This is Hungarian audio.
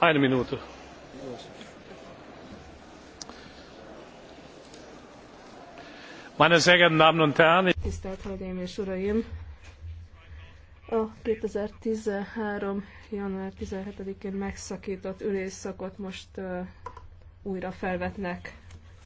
meine sehr geehrten damen und herren! tisztelt hölgyeim és uraim! a 2013. január 17-én megszakított ülésszakot most újra felvetnek.